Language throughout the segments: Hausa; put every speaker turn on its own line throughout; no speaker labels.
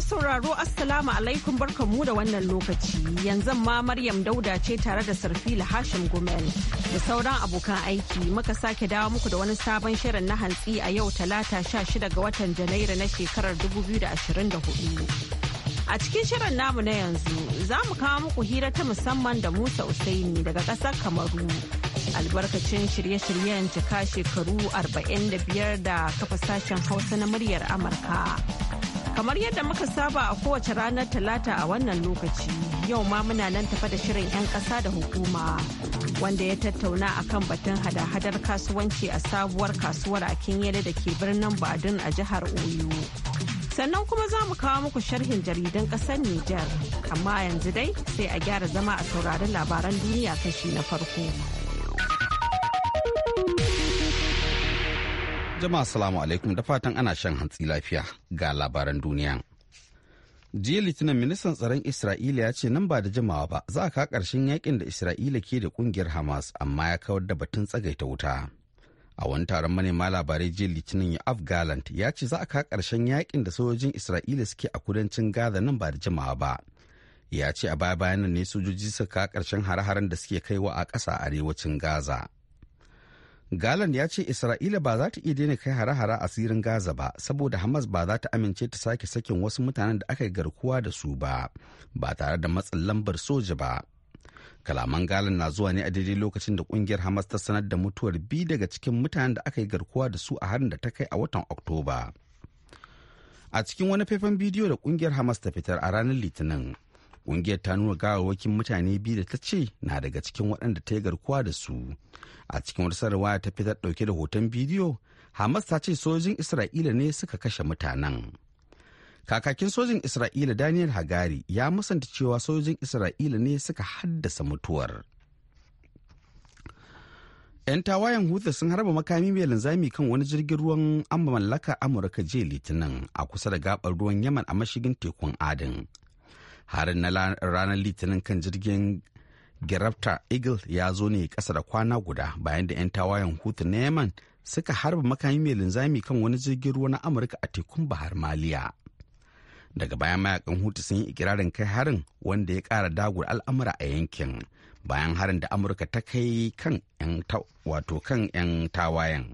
sauraro Assalamu alaikum barkanmu da wannan lokaci. Yanzu ma Maryam Dauda ce tare da Sarfila Hashim Gumel da sauran abokan aiki muka sake dawo muku da wani sabon shirin na hantsi a yau talata 16 ga watan Janairu na shekarar 2024. A cikin shirin namu na yanzu za mu kawo muku hira ta musamman da Musa Usaini daga ƙasar Kamaru. Albarkacin shirye-shiryen cika shekaru 45 da kafa sashen Hausa na muryar Amurka. Kamar yadda muka saba a kowace ranar talata a wannan lokaci, yau ma muna nan tafa da shirin 'yan ƙasa da hukuma wanda ya tattauna a kan batun hada-hadar kasuwanci a sabuwar kasuwar a Kinyele da ke birnin Badun a jihar Oyo. Sannan kuma za mu kawo muku sharhin jaridan ƙasar Nijar, amma yanzu dai sai a gyara zama a saurari labaran duniya kashi na farko.
Jama'a salamu alaikum da fatan ana shan hantsi lafiya ga labaran duniya. Jiya Litinin ministan tsaron Isra'ila ya ce nan ba da jimawa ba za a ka ƙarshen yakin da Isra'ila ke da kungiyar Hamas amma ya kawar da batun tsagaita wuta. A wani taron manema labarai jiya Litinin Yoav galand ya ce za a ka ƙarshen yakin da sojojin Isra'ila suke a kudancin Gaza nan ba da jimawa ba. Ya ce a baya bayan ne sojoji suka karshen ƙarshen hare-haren da suke kaiwa a ƙasa arewacin Gaza. Galan ya ce Isra'ila ba za ta iya daina kai hare-hare a asirin Gaza ba saboda Hamas ba za ta amince ta sake sakin wasu mutanen da aka yi garkuwa da su ba, ba tare da matsin lambar soja ba. Kalaman Galan na zuwa ne a daidai lokacin da kungiyar Hamas ta sanar da mutuwar bi daga cikin mutanen da aka yi garkuwa da su a harin da ta kai a watan Oktoba. A cikin wani faifan bidiyo da kungiyar Hamas ta fitar a ranar Litinin, Ƙungiyar ta nuna gawawakin mutane biyu da ta ce na daga cikin waɗanda ta yi garkuwa da su. A cikin wata sarwa ta fitar ɗauke da hoton bidiyo, Hamas ta ce sojin Isra'ila ne suka kashe mutanen. Kakakin sojin Isra'ila Daniel Hagari ya musanta cewa sojin Isra'ila ne suka haddasa mutuwar. 'yan tawayen hutu sun harba makami mai linzami kan wani jirgin ruwan an mallaka amurka jiya litinin a kusa da gabar ruwan yaman a mashigin tekun adin harin na ranar litinin kan jirgin gerafta eagle ya zo ne kasa da kwana guda bayan da 'yan tawayen hutu na yaman suka harba makami mai linzami kan wani jirgin ruwa na amurka a tekun bahar maliya daga bayan mayakan hutu sun yi ikirarin kai harin wanda ya kara dagur al'amura a yankin bayan harin da amurka ta kai kan 'yan wato kan 'yan tawayen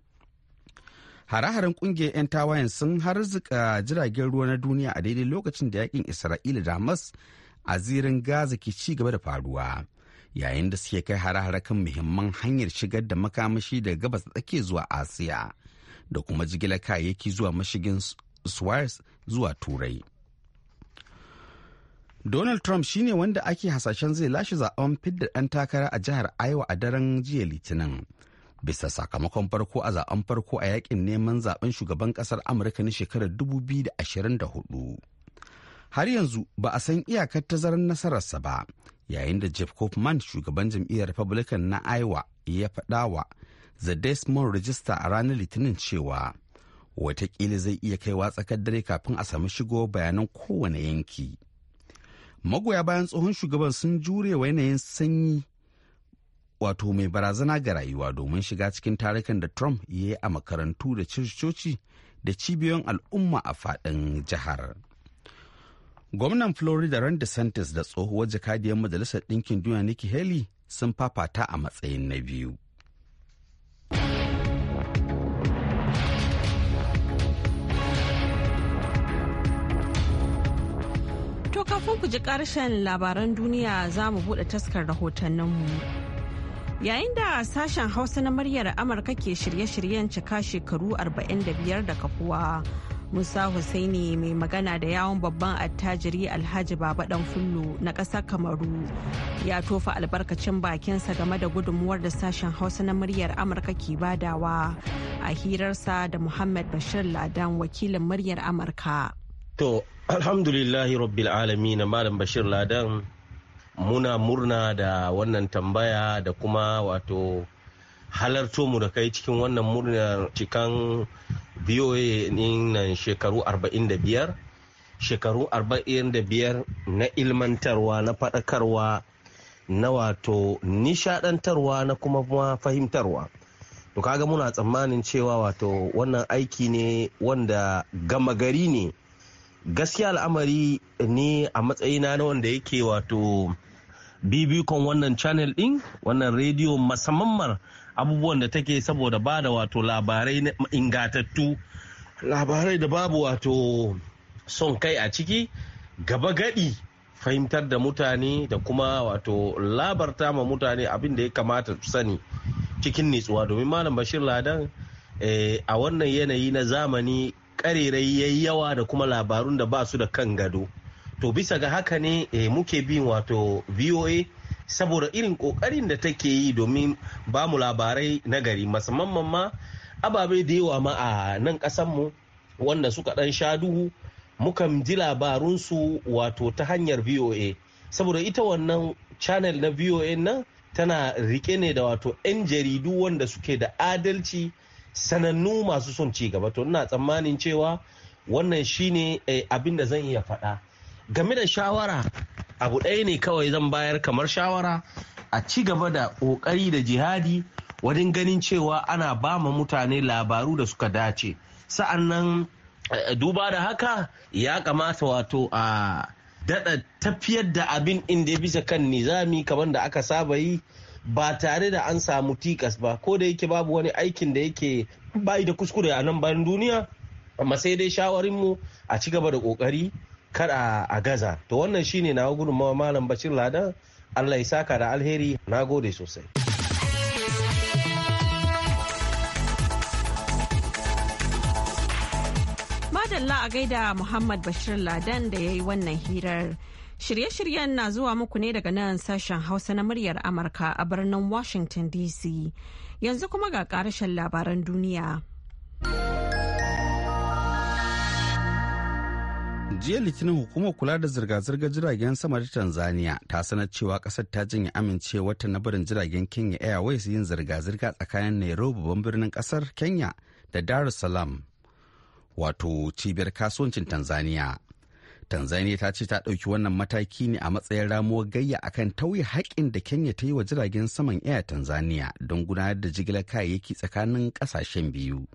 hare-haren kungiyar 'yan tawayen sun harzuka jiragen ruwa na duniya a daidai lokacin da yakin isra'ila da hamas a zirin gaza ke ci gaba da faruwa yayin da suke kai hare-hare kan muhimman hanyar shigar da makamashi daga gabas da ake zuwa asiya da kuma jigilar kayayyaki zuwa mashigin suez zuwa turai donald trump shine wanda ake hasashen zai lashe zaben fidda ɗan takara a jihar iowa a daren jiya litinin bisa sakamakon farko a zaben farko a yakin neman zaben shugaban kasar amurka na shekarar 2024 har yanzu ba a san iyakar tazarar nasararsa ba yayin da jeff kaufman shugaban jam'iyyar republican na iowa ya faɗa wa the desmond register a ranar litinin cewa watakila zai iya kaiwa tsakar dare kafin a sami shigo bayanan kowane yanki magoya bayan tsohon shugaban sun jure wa yanayin sanyi wato mai barazana ga rayuwa domin shiga cikin tarukan da Trump ya yi a makarantu da cococi da cibiyoyin al'umma a faɗin jihar. Gwamnan Florida Ron DeSantis da tsohuwar jakadiyar Majalisar Ɗinkin Duniya Nikki Haley sun fafata a matsayin na biyu.
To kafin ku ji ƙarshen labaran duniya za mu buɗe taskar rahotanninmu. Yayin da sashen Hausa na muryar Amurka ke shirye-shiryen cika shekaru 45 da kafuwa. Musa Hussaini mai magana da yawon babban attajiri Alhaji Baba Dan Fullo na ƙasar Kamaru ya tofa albarkacin bakinsa game da gudunmuwar da sashen Hausa na muryar Amurka ke badawa a hirarsa da Muhammad Bashir Ladan wakilin muryar Amurka.
To, alhamdulillahi rabbil alamin Malam Bashir Ladan muna murna da wannan tambaya da kuma wato halarto mu da kai cikin wannan murna cikan voa nan shekaru 45 shekaru 45 na ilmantarwa na faɗakarwa na wato nishadantarwa na kuma fahimtarwa to kaga muna tsammanin cewa wato wannan aiki ne wanda gama gari ne gaskiya al'amari ne a matsayina na wanda yake wato bibikon wannan channel din wannan rediyo masamman abubuwan da take saboda ba da wato labarai ingatattu labarai da babu wato son kai a ciki gaba gadi fahimtar da mutane da kuma wato labarta ma mutane abin da ya kamata su sani cikin nitsuwa domin malam bashir ladan eh, a wannan yanayi na zamani karerai yayi yawa da kuma labarun da ba su da kan gado to bisa ga haka ne eh, muke bin wato voa saboda irin kokarin da take yi domin ba mu labarai na gari musamman ma ababe da yawa ma a nan mu wanda suka dan sha duhu mukan ji labarunsu wato ta hanyar voa saboda ita wannan channel na voa nan tana rike ne da wato 'yan jaridu wanda suke da adalci sanannu masu son ci gaba to ina tsammanin cewa wannan shine abinda eh, abin da zan iya faɗa game da shawara abu ɗaya ne kawai zan bayar kamar shawara a ci gaba da ƙoƙari da jihadi wajen ganin cewa ana ba ma mutane labaru da suka dace sa'annan duba da haka ya kamata wato a daɗa tafiyar da abin inda ya bisa kan nizami kamar da aka saba yi ba tare da an samu tikas ba ko da yake babu wani aikin da yake bayi da kuskure a nan bayan duniya amma sai dai shawarinmu a ci gaba da ƙoƙari kar a gaza to wannan shine na gudunmawa malam bashir ladan allah ya saka da alheri na gode sosai
madalla a gaida muhammad bashir ladan da ya yi wannan hirar shirye-shiryen na zuwa muku ne daga nan sashen hausa na muryar amurka a birnin washington dc yanzu kuma ga karashen labaran duniya.
jiya litinin hukumar kula da zirga-zirgar jiragen sama ta tanzania ta sanar cewa kasar ta janye amincewarta na barin jiragen kenya airways yin zirga-zirga tsakanin nairobi babban birnin kasar kenya da dar es salaam wato cibiyar kasuwancin tanzania tanzania ta ce ta ɗauki wannan mataki ne a matsayin ramuwar gayya akan tauye haƙƙin da kenya ta yi wa jiragen saman air tanzania don gudanar da jigilar kayayyaki tsakanin ƙasashen biyu.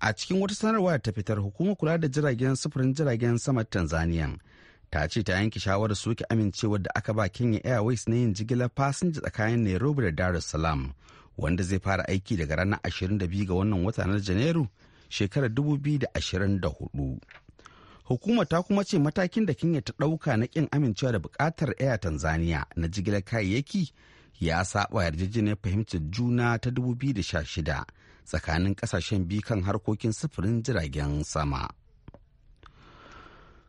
a cikin wata sanarwa ta fitar hukumar kula da jiragen sufurin jiragen sama tanzania ta ce ta yanke shawarar soke amincewar da aka ba kenya airways na yin jigilar fasinja tsakanin nairobi da dar es salaam wanda zai fara aiki daga ranar 22 ga wannan wata na janairu shekarar 2024 hukumar ta kuma ce matakin da kenya ta ɗauka na kin amincewa da bukatar air tanzania na jigilar kayayyaki ya saba yarjejeniyar fahimtar juna ta 2016 tsakanin kasashen biyu kan harkokin sufurin jiragen sama.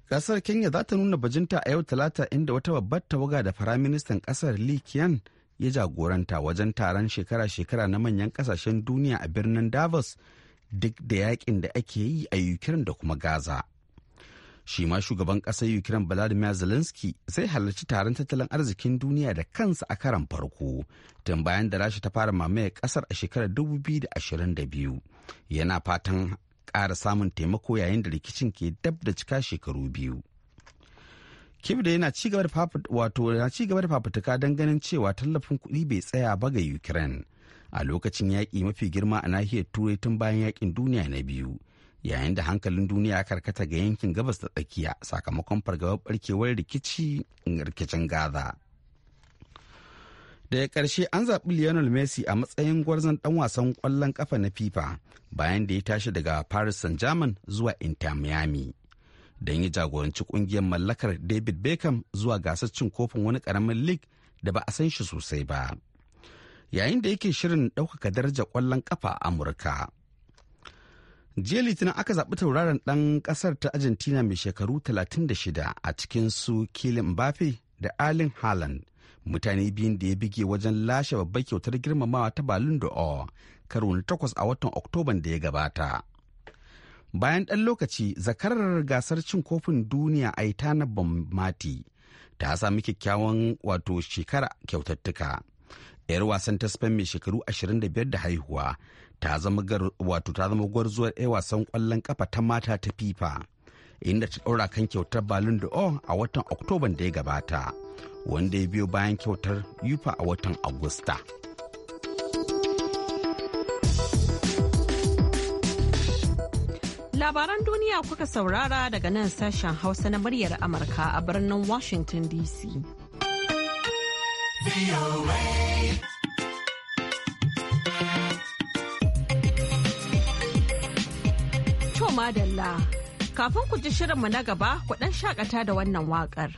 Kasar Kenya za ta nuna bajinta a yau talata inda wata babbar tawaga da firaministan kasar Lee ya jagoranta wajen taron shekara-shekara na manyan kasashen duniya a birnin Davos duk da yakin da ake yi a Ukraine da kuma Gaza. shi ma shugaban ƙasar ukraine vladimir zelensky zai halarci taron tattalin arzikin duniya da kansa a karan farko tun bayan da rasha ta fara mamaye ƙasar a shekarar da biyu yana fatan kara samun taimako yayin da rikicin ke dab da cika shekaru biyu kif da yana cigaba da fafutuka don ganin cewa tallafin kuɗi bai tsaya ba ga ukraine a lokacin yaƙi mafi girma a nahiyar turai tun bayan yakin duniya na biyu yayin da hankalin duniya ya karkata ga yankin gabas da tsakiya sakamakon fargabar barkewar rikici rikicin gaza ya ƙarshe an zaɓi lionel messi a matsayin gwarzon ɗan wasan ƙwallon ƙafa na fifa bayan da ya tashi daga paris saint-germain zuwa inter miami don ya jagoranci ƙungiyar mallakar david beckham zuwa gasar cin kofin wani ƙaramin league da ba a san shi sosai ba yayin da yake shirin ɗaukaka darajar ƙwallon ƙafa a amurka jiya litinin aka zaɓi tauraron ɗan ƙasar ta argentina mai shekaru 36 a cikin su kilin mbappe da alin haaland mutane biyun da ya bige wajen lashe babbar kyautar girmamawa ta balin d'or karo na takwas a watan oktoban da ya gabata bayan ɗan lokaci zakarar gasar cin kofin duniya aitana bambati ta sami kyakkyawan wato shekara kyautattuka yar wasan ta spain mai shekaru 25 da haihuwa ta zama gwarzuwar 'yan wasan kwallon kafa ta mata ta fifa inda ta ɗaura kan kyautar balon d'or a watan oktoban da ya gabata wanda ya biyo bayan kyautar yufa a watan agusta
labaran duniya kuka saurara daga nan sashen hausa na muryar amurka a birnin washington dc madalla. Kafin ku ji shirinmu na gaba, ku ɗan shakata da wannan waƙar.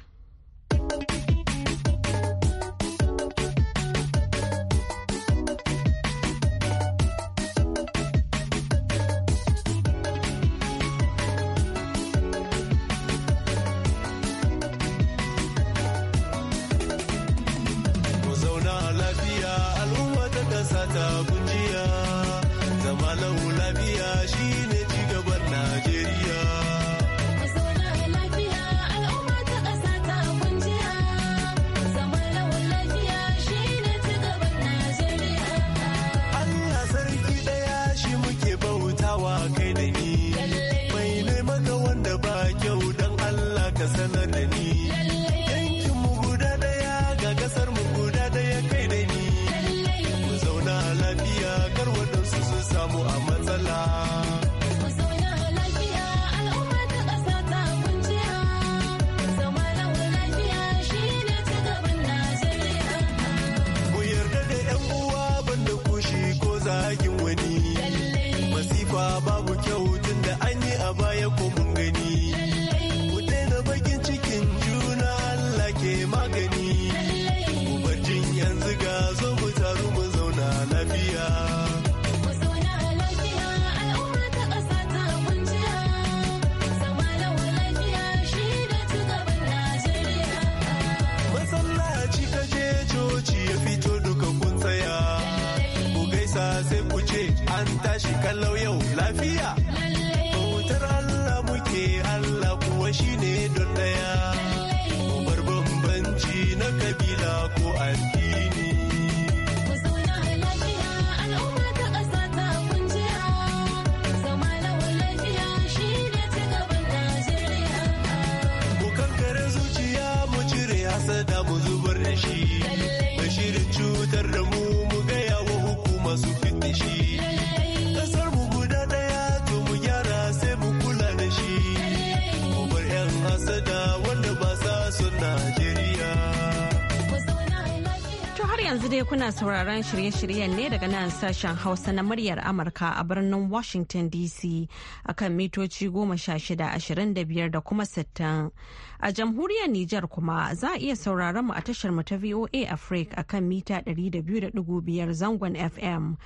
dai kuna sauraron shirye-shiryen ne daga nan sashen Hausa na muryar Amurka a birnin Washington DC akan mitoci goma sha shida ashirin da biyar da kuma sittin. A jamhuriyar Nijar kuma za a iya sauraron mu a tashar mu ta VOA Africa akan mita ɗari da biyu da ɗigo biyar zangon FM.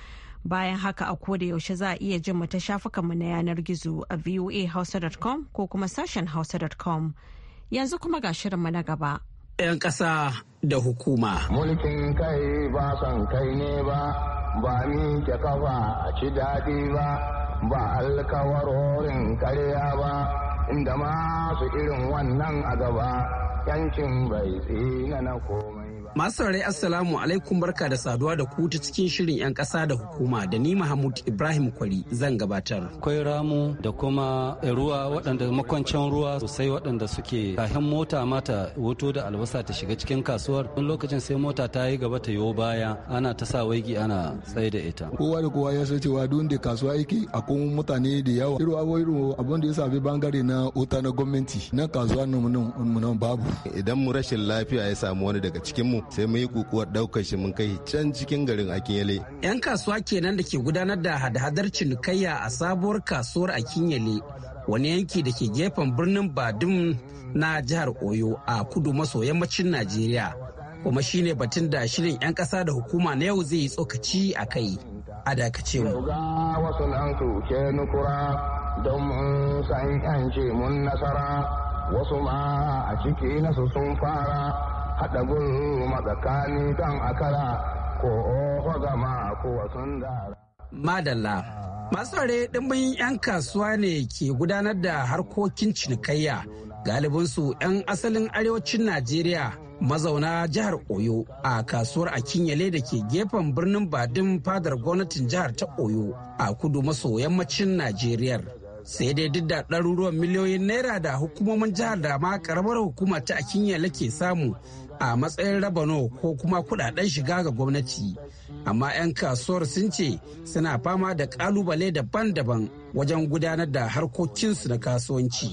Bayan haka a koda yaushe za a iya jin mu ta shafukanmu na yanar gizo a voahausa.com ko kuma sashen hausa.com. Yanzu kuma ga
shirinmu na gaba.
'yan ƙasa da hukuma.
Mulkin kai ba san kai ne ba, ba ni ke kafa a ci daɗi ba, ba alkawarorin karya ba, inda masu irin wannan a gaba, yankin bai tsina na komai.
Masu saurari Assalamu alaikum barka da saduwa da ku ta cikin shirin 'yan ƙasa da hukuma da ni Mahmud Ibrahim Kwari zan gabatar.
Akwai ramu da kuma ruwa waɗanda makwancin ruwa sosai waɗanda suke kahin mota mata wuto da albasa ta shiga cikin kasuwar. Wani lokacin sai mota ta yi gaba ta yo baya ana ta sa waigi ana tsaye da ita.
Kowa da kowa ya san cewa duk da kasuwa yake akwai mutane da yawa. Irin abubuwan abin da ya sabi bangare na wuta na gwamnati na kasuwa nan babu.
Idan mu rashin lafiya ya samu wani daga cikin mu sai mu yi kukuwar daukar shi mun kai can cikin garin Akinyele. 'Yan kasuwa kenan da ke gudanar da hada-hadar cinikayya a sabuwar kasuwar
Akinyele wani yanki da ke gefen birnin Badum na jihar Oyo a kudu maso yammacin Najeriya. Kuma shine batun da shirin 'yan kasa da hukuma na yau zai yi tsokaci a kai. A dakace mu.
wasu mun san mun nasara wasu ma a ciki nasu sun fara haɗa gulma tsakani don akara ko ko wasan dara.
Madalla, masu ware ɗimbin 'yan kasuwa ne ke gudanar da harkokin cinikayya galibinsu 'yan asalin arewacin Najeriya mazauna jihar Oyo a kasuwar Akinyele da ke gefen birnin Badin fadar gwamnatin jihar ta Oyo a kudu maso yammacin Najeriya. sai dai duk da ɗaruruwan miliyoyin naira da hukumomin jihar da ma karamar hukuma ta akinyala ke samu a matsayin rabano ko kuma kudaden shiga ga gwamnati amma 'yan kasuwar sun ce suna fama da kalubale daban-daban wajen gudanar da harkokinsu na kasuwanci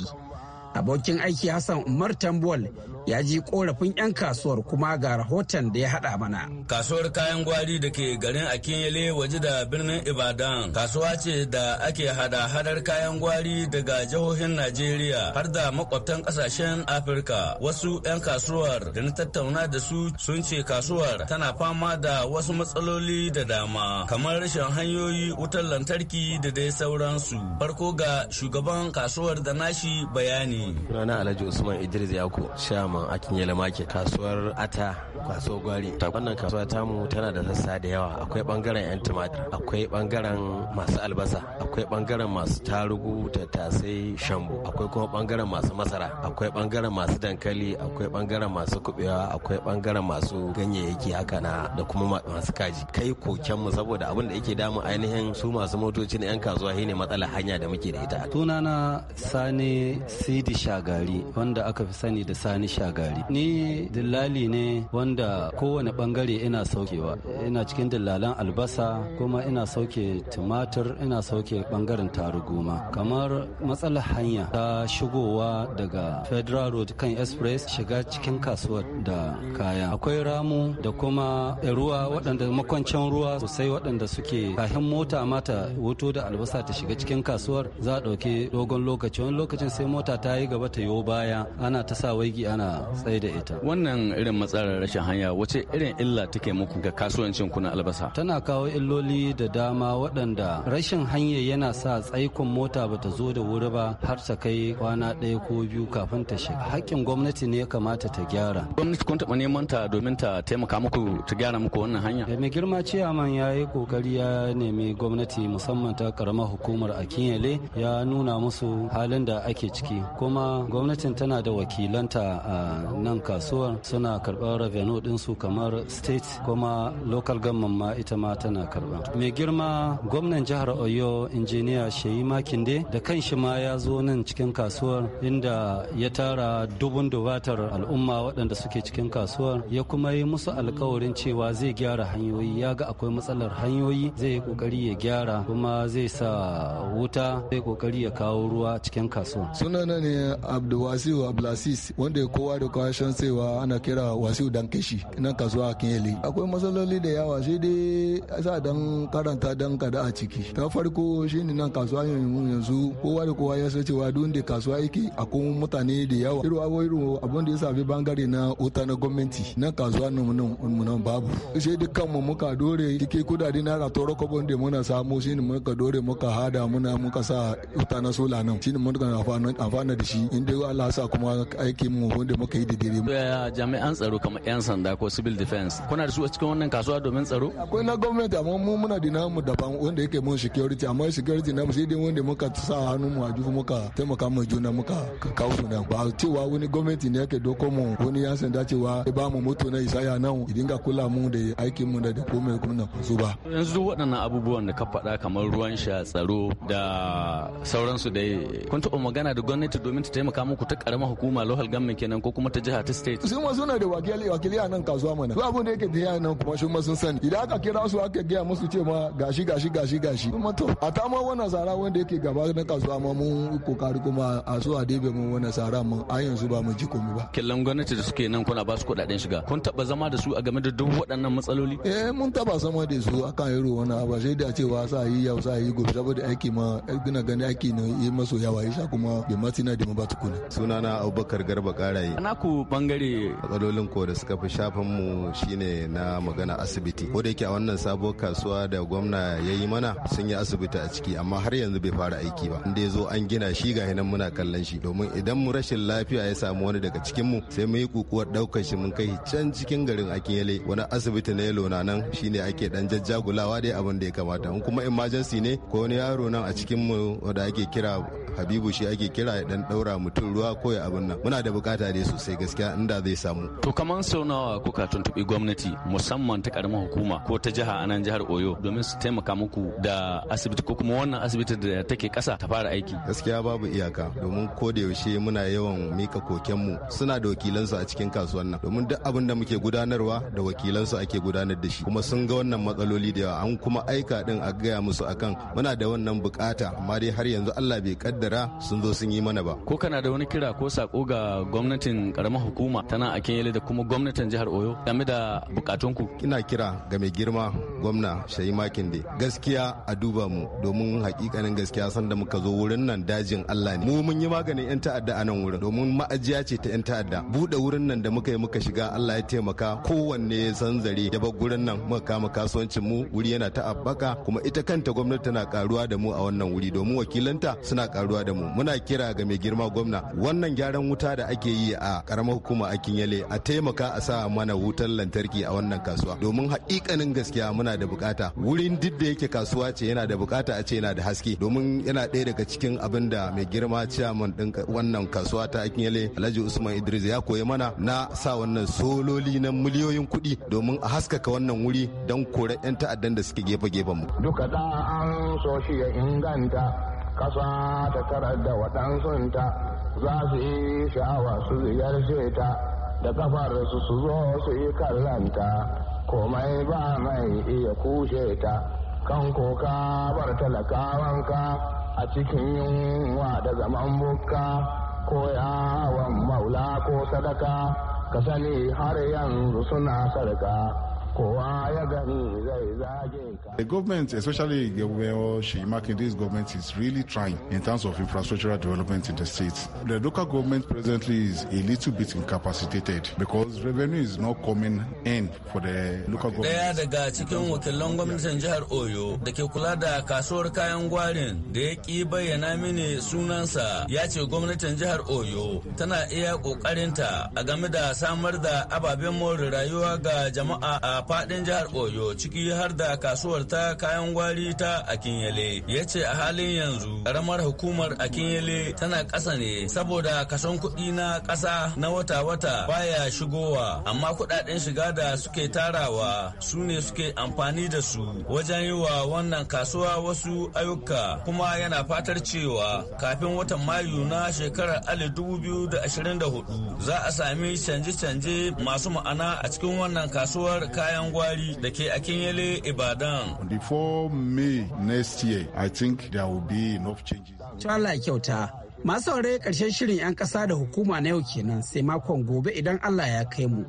Abokin aiki Hassan Umar Tambol ya ji korafin 'yan kasuwar kuma ga rahoton da ya haɗa mana.
Kasuwar kayan gwari da ke garin Akinyele waje da birnin Ibadan kasuwa ce da ake hada hadar kayan gwari daga jihohin Najeriya har da makwabtan kasashen Afirka. Wasu 'yan kasuwar da na tattauna da su sun ce kasuwar tana fama da wasu matsaloli da dama kamar rashin hanyoyi wutar lantarki da dai sauransu. Farko ga shugaban kasuwar da nashi bayani
Sunana Alhaji Usman Idris Yako, Shaman Akinyele Market, kasuwar Ata, kasuwar Gwari. ta Wannan kasuwa tamu tana da sassa da yawa. Akwai bangaren 'yan tumatir, akwai bangaren masu albasa, akwai bangaren masu tarugu, tattasai, shambo, akwai kuma bangaren masu masara, akwai bangaren masu dankali, akwai bangaren masu kubewa, akwai bangaren masu ganyayyaki haka na da kuma masu kaji. Kai koken mu saboda abin da yake damu ainihin su masu motoci 'yan kasuwa shine matsalar hanya da muke
da ita. Sunana Sani Sidi sani Shagari wanda aka fi sani da Sani Shagari. Ni dillali ne wanda kowane bangare ina saukewa. Ina cikin dillalan albasa kuma ina sauke tumatir ina sauke bangaren taruguma. Kamar matsalar hanya ta shigowa daga Federal Road kan Express shiga cikin kasuwar da kaya. Akwai ramu da kuma ruwa waɗanda makwancin ruwa sosai waɗanda suke kahin mota mata wuto da albasa ta shiga cikin kasuwar za a ɗauki dogon lokaci wani lokacin sai mota ta yi yi gaba ta yo baya ana ta sa waigi ana tsaye da ita
wannan irin matsalar rashin hanya wace irin illa take muku ga kasuwancin ku na albasa
tana kawo illoli da dama waɗanda rashin hanya yana sa tsaikon mota bata zo da wuri ba har ta kai kwana ɗaya ko biyu kafin ta shiga haƙƙin gwamnati ne ya kamata ta gyara
gwamnati kun taɓa neman ta domin ta taimaka muku ta gyara muku wannan hanya
mai girma ciyaman ya yi kokari ya nemi gwamnati musamman ta karamar hukumar akinyale ya nuna musu halin da ake ciki kuma kuma gwamnatin tana da wakilanta a nan kasuwar suna karɓar revenue ɗinsu kamar state kuma local government ma ita ma tana karɓa mai girma gwamnan jihar oyo injiniya shayi makinde da kanshi ma ya zo nan cikin kasuwar inda ya tara dubun dubatar al'umma waɗanda suke cikin kasuwar ya kuma yi musu alkawarin cewa zai gyara hanyoyi ya ga akwai matsalar hanyoyi zai yi kokari ya gyara kuma zai sa wuta zai kokari ya kawo ruwa cikin kasuwar
sunana ne abdulwasiu abdulaziz wanda ya kowa da kowa shan cewa ana kira wasiu dan kashi nan kasuwa a kinyele akwai matsaloli da yawa sai dai sa dan karanta dan kada a ciki ta farko shine nan kasuwa yanzu yanzu kowa da kowa ya san cewa duk da kasuwa yake akwai mutane da yawa irin abubuwa irin abin da ya sabi bangare na wuta na gwamnati nan kasuwa mu nan babu sai dukkan mu muka dore dike kudade na da toro kobon da muna samu shine muka dore muka hada muna muka sa wuta na sola nan shine muka amfana da da shi in dai Allah sa kuma aikin mu wanda muka yi da dare mu
jami'an tsaro kamar yan sanda ko civil defense kuna da su a cikin wannan kasuwa domin tsaro
akwai na gwamnati amma mu muna da namu daban wanda yake mun security amma security namu sai dai wanda muka sa hannu mu a jufu muka taimaka mu juna muka kawo su nan ba cewa wani gwamnati ne yake doko mu wani yan sanda cewa ba mu moto na isaya nan idinga kula mu da aikin mu da komai kuma na su ba
yanzu waɗannan abubuwan da ka faɗa kamar ruwan sha tsaro da sauransu da kun taɓa magana da gwamnati domin ta taimaka muku ta karama hukuma local government kenan ko kuma ta jiha ta state
su ma suna da wakili a nan kasuwa mana duk abin da yake biya nan kuma shi ma sun sani idan aka kira su aka gaya musu ce ma gashi gashi gashi gashi kuma to a ta ma wannan tsara wanda yake gaba na kasuwa ma mun kokari kuma a so a debe mun wannan tsara mun a yanzu ba mu ji komai ba
killan gwamnati da suke nan kuna ba su kudaden shiga kun taba zama da su a game da duk waɗannan matsaloli
eh mun taba zama da su akan yaro wannan ba sai da cewa sa yi yau sa yi gobe saboda aiki ma gina gani aiki ne yi maso yawa yasa kuma bai matina mu ba tukuna
sunana abubakar garba karaye na ku bangare matsalolin ko da suka fi shafan mu shine na magana asibiti ko da yake a wannan sabuwar kasuwa da gwamna ya yi mana sun yi asibiti a ciki amma har yanzu bai fara aiki ba inda ya zo an gina shi ga nan muna kallon shi domin idan mu rashin lafiya ya samu wani daga cikin mu sai mu yi kukuwar daukar shi mun kai can cikin garin yale wani asibiti na yalo na nan shine ake dan jajjagulawa dai abin da ya kamata in kuma emergency ne ko wani yaro nan a cikin mu da ake kira habibu shi ake kira ya dan daura mutum ruwa ko ya abin nan muna da bukata dai sosai gaskiya inda
zai samu to kamar sau nawa kuka tuntubi gwamnati musamman ta karamar hukuma ko ta jiha anan jihar oyo domin su taimaka muku da asibiti ko kuma wannan asibiti da take kasa ta fara aiki
gaskiya babu iyaka domin ko da yaushe muna yawan mika kokenmu suna da wakilansu a cikin kasuwan nan domin duk abin da muke gudanarwa da wakilansu ake gudanar da shi kuma sun ga wannan matsaloli da yawa an kuma aika din a gaya musu akan muna da wannan bukata amma dai har yanzu Allah bai kaddara kaddara sun zo sun yi mana ba
ko kana da wani kira ko sako ga gwamnatin karamar hukuma tana a kenyele da kuma gwamnatin jihar oyo game da bukatunku ina kira ga mai girma
gwamna shayi makinde gaskiya a duba mu domin hakikanin gaskiya san da muka zo wurin nan dajin allah ne mu mun yi maganin yan ta'adda a nan wurin domin ma'ajiya ce ta yan ta'adda buɗe wurin nan da muka yi muka shiga allah ya taimaka kowanne ya san zare ya bar nan muka kama kasuwancin mu wuri yana ta kuma ita kanta gwamnati tana karuwa da mu a wannan wuri domin wakilanta suna karuwa saduwa da mu muna kira ga mai girma gwamna wannan gyaran wuta da ake yi a karamar hukuma a kinyale a taimaka a sa mana wutar lantarki a wannan kasuwa domin haƙiƙanin gaskiya muna da bukata wurin duk da yake kasuwa ce yana da bukata a ce yana da haske domin yana ɗaya daga cikin abin da mai girma ciyaman ɗin wannan kasuwa ta akinyale alhaji usman idris ya koyi mana na sa wannan sololi na miliyoyin kuɗi domin a haskaka wannan wuri don kore 'yan ta'addan da suke gefe-gefen mu
duka da an ya inganta kasa ta karar da waɗansunta za su yi sha'awa su ziyarce ta da kafar su zo su yi kallanta komai ba mai iya kushe ta kan koka bar talakawanka a cikin yunwa da zaman bukka ko yawon maula ko sadaka ka sani har yanzu suna sarka kowa ka.
The government, especially where she this government, is really trying in terms of infrastructural development in the state. The local government presently is a little bit incapacitated because revenue is not coming in for the local government. Daya daga
cikin wakilan gwamnatin jihar Oyo da ke kula da kasuwar kayan gwarin da ya ki bayyana mini sunansa ya ce gwamnatin jihar Oyo tana iya kokarinta a game da samar da ababen more rayuwa ga jama'a a a fadin jihar Oyo ciki har da kasuwar ta kayan gwari ta Akinyele. Ya ce a halin yanzu karamar hukumar Akinyele tana ƙasa ne saboda kason kuɗi na ƙasa na wata-wata baya shigowa amma kuɗaɗen shiga da suke tarawa su ne suke amfani da su wajen yi wa wannan kasuwa wasu ayyuka kuma yana fatar cewa kafin watan Mayu na shekarar 2024 za a sami canje-canje masu ma'ana a cikin wannan kasuwar kayan kayan gwari da ke a Kinyele Ibadan.
On May next year, I think there will be enough changes.
kyauta. Masu saurare karshen shirin 'yan kasa da hukuma na yau kenan sai makon gobe idan Allah ya kai mu.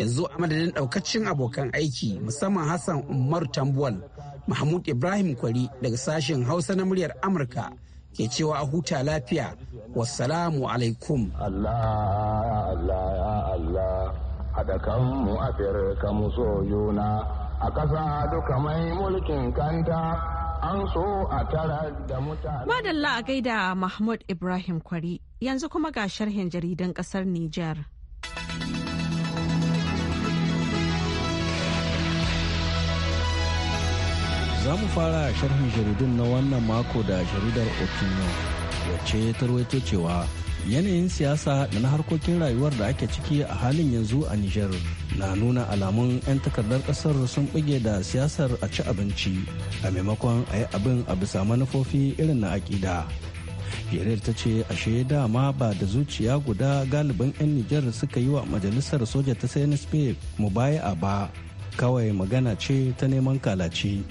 Yanzu a madadin daukacin abokan aiki musamman Hassan Umar Tambuwal, Mahmud Ibrahim Kwari daga sashen Hausa na muryar Amurka ke cewa a huta lafiya. Wassalamu alaikum.
Allah, Allah, Allah. haɗa kanmu a firka mu so yuna a ƙasa duka mai mulkin kanta an so a tara da mutane.
Madalla a gaida Mahmud Ibrahim Kwari yanzu kuma ga sharhin jaridan ƙasar Nijar.
Za mu fara sharhin jaridun na wannan mako da jaridar Okinawa. wacce ta ruwaito cewa yanayin siyasa da na harkokin rayuwar da ake ciki a halin yanzu a Nijar na nuna alamun 'yan takardar kasar sun buge da siyasar a ci abinci a maimakon a yi abin a bisa manufofi irin na akida. Yarir ta ce ashe dama ba da zuciya guda galibin 'yan Nijar suka yi wa majalisar soja ta CNSP mu baya ba kawai magana ce ta neman kalaci.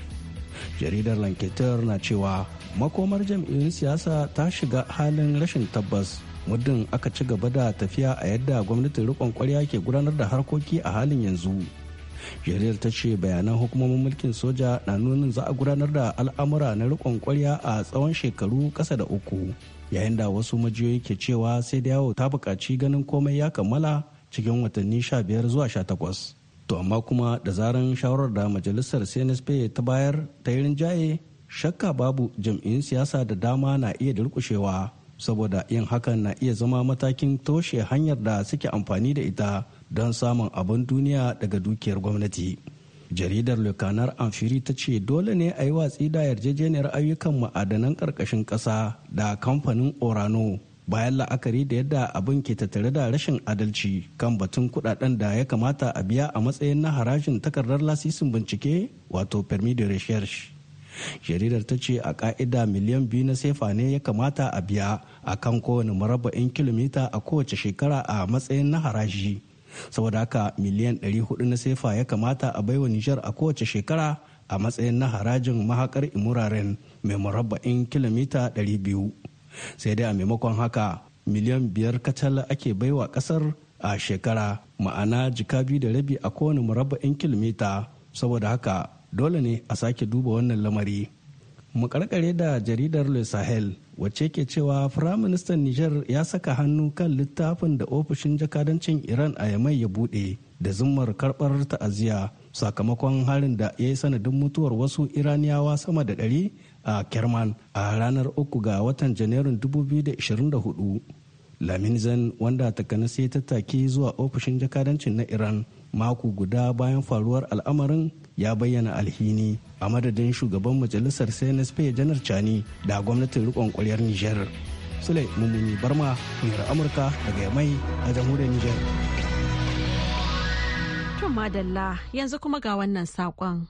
Jaridar Lanketer na cewa makomar jam'iyyun siyasa ta shiga halin rashin tabbas muddin aka ci gaba da tafiya a yadda gwamnatin rikon kwarya ke gudanar da harkoki a halin yanzu jaridar ta ce bayanan hukumomin mulkin soja na nunin za a gudanar da al'amura na rikon kwarya a tsawon shekaru kasa da uku yayin da wasu majiyoyi ke cewa sai da yawo ta buƙaci ganin komai ya kammala cikin watanni sha biyar zuwa sha takwas to amma kuma da zaran shawarar da majalisar cnsp ta bayar ta yi rinjaye shakka babu jam'in siyasa da dama na iya durkushewa saboda yin hakan na iya zama matakin toshe hanyar da suke amfani da ita don samun abin duniya daga dukiyar gwamnati jaridar lukanar amfiri ta ce dole ne a yi watsi da yarjejeniyar ayyukan ma'adanan ƙarƙashin ƙasa da kamfanin orano bayan la'akari da yadda abin ke tattare da rashin adalci kan batun kudaden da ya kamata a biya a matsayin na harajin takardar lasisin bincike wato permis de jaridar ta ce a ka'ida miliyan biyu na sefa ne ya kamata a biya a kan kowane marabba'in kilomita a kowace shekara a matsayin na haraji saboda haka miliyan 400 na sefa ya kamata a baiwa nijar a kowace shekara a matsayin na harajin mahakar imuraren mai marabba'in kilomita 200 sai dai a maimakon haka miliyan biyar kacal ake baiwa kasar a shekara ma'ana jika biyu da rabi a kowane marabba'in kilomita saboda haka dole ne a sake duba wannan lamari mu karkare da jaridar le sahel wacce ke cewa firaministan nijar ya saka hannu kan littafin da ofishin jakadancin iran a yamai ya bude da zummar karbar ta'aziyya sakamakon harin da ya yi sanadin mutuwar wasu iraniyawa sama da ɗari a kerman a ranar uku ga watan janairun 2024 zan wanda takana sai tattaki zuwa ofishin jakadancin na iran mako guda bayan faruwar al'amarin ya bayyana alhini a madadin shugaban majalisar cnsp janar Chani da gwamnatin rikon kwaryar niger sule mummuni barma muryar amurka daga yamai a jamhuriyar Niger.
to madalla yanzu kuma ga wannan saƙon.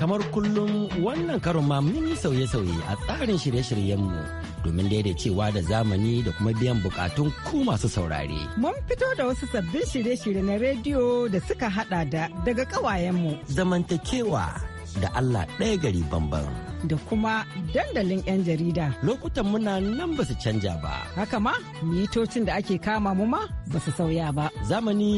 kamar kullum
wannan karon ma mun yi sauye-sauye a tsarin shirye-shiryenmu domin daidaicewa da zamani da kuma biyan bukatun ku masu saurare.
Mun fito da wasu sabbin shirye-shirye na rediyo da suka hada da daga kawayenmu.
Zamantakewa da Allah ɗaya gari
bambam. da kuma dandalin 'yan jarida.
Lokutan muna nan ba su canja ba.
Haka ma, mitocin da ake kama mu ma ba su sauya ba. Zamani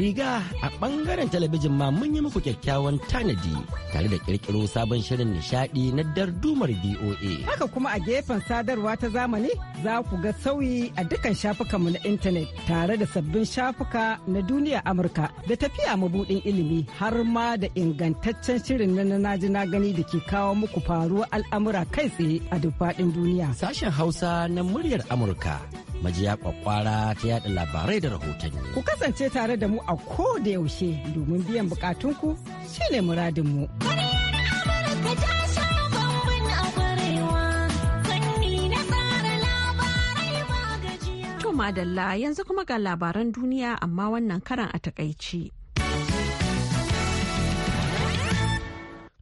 riga
a ɓangaren talabijin ma mun yi muku kyakkyawan tanadi tare da kirkiro sabon shirin nishadi na dardumar BOA.
Haka kuma a gefen sadarwa ta zamani za ku ga sauyi a dukkan shafukanmu na intanet tare da sabbin shafuka na duniya Amurka da tafiya mabudin ilimi har ma da ingantaccen shirin na na gani da ke kawo muku fa faruwar al'amura kai tsaye a duk faɗin duniya. Sashen Hausa na muryar
Amurka. Majiya kwakwara ta yada labarai da rahotanni.
Ku kasance tare da mu a ko da yaushe domin biyan bukatunku shine muradinmu.
To madalla yanzu kuma ga labaran duniya amma wannan karan a takaici.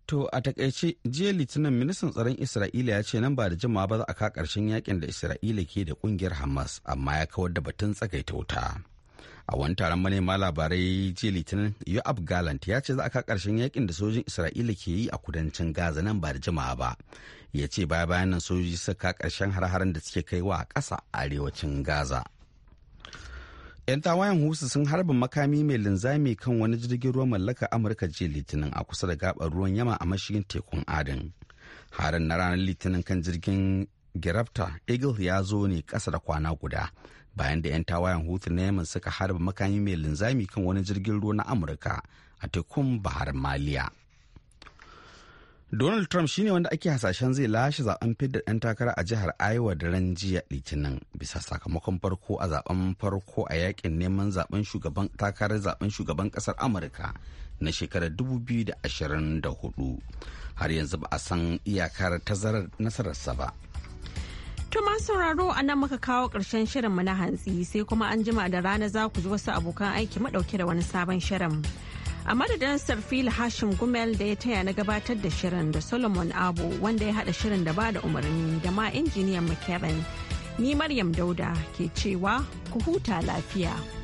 To a takaice jiya litinin ministan tsaron Isra'ila ya ce nan ba da jimawa ba za a ka karshen yakin da Isra'ila ke da kungiyar Hamas amma ya kawar da batun tsagaita wuta. A wani taron manema labarai jiya litinin Yoav Gallant ya ce za a ka karshen yakin da sojin Isra'ila ke yi a kudancin Gaza nan ba da jimawa ba. Ya ce baya bayan nan sojoji suka ka karshen har-haren da suke kaiwa a ƙasa arewacin Gaza. 'yan tawayen husu sun harba makami mai linzami kan wani jirgin ruwan mallaka amurka jiya litinin a kusa da gabar ruwan yama a mashigin tekun adin harin na ranar litinin kan jirgin girafta eagle ya zo ne kasa da kwana guda bayan da 'yan tawayen hutu na yaman suka harba makami mai linzami kan wani jirgin ruwa na amurka a tekun bahar maliya Donald Trump shine wanda ake hasashen zai lashe zaben fidda ɗan takara a jihar Iowa da ran jiya Litinin bisa sakamakon farko a zaben farko a yakin neman zaben shugaban takarar zaben shugaban ƙasar Amurka na shekarar 2024. Har yanzu ba a san iyakar tazarar nasararsa ba.
tuma sauraro a nan muka kawo ƙarshen mu na hantsi sai kuma an jima da rana za ku ji wasu abokan aiki madauke da wani sabon shirin. a madadin sarfil hashim gumel da ya taya na gabatar da shirin da solomon abu wanda ya hada shirin da ba da umarni da ma injiniyan mckevin ni maryam dauda ke cewa ku huta lafiya.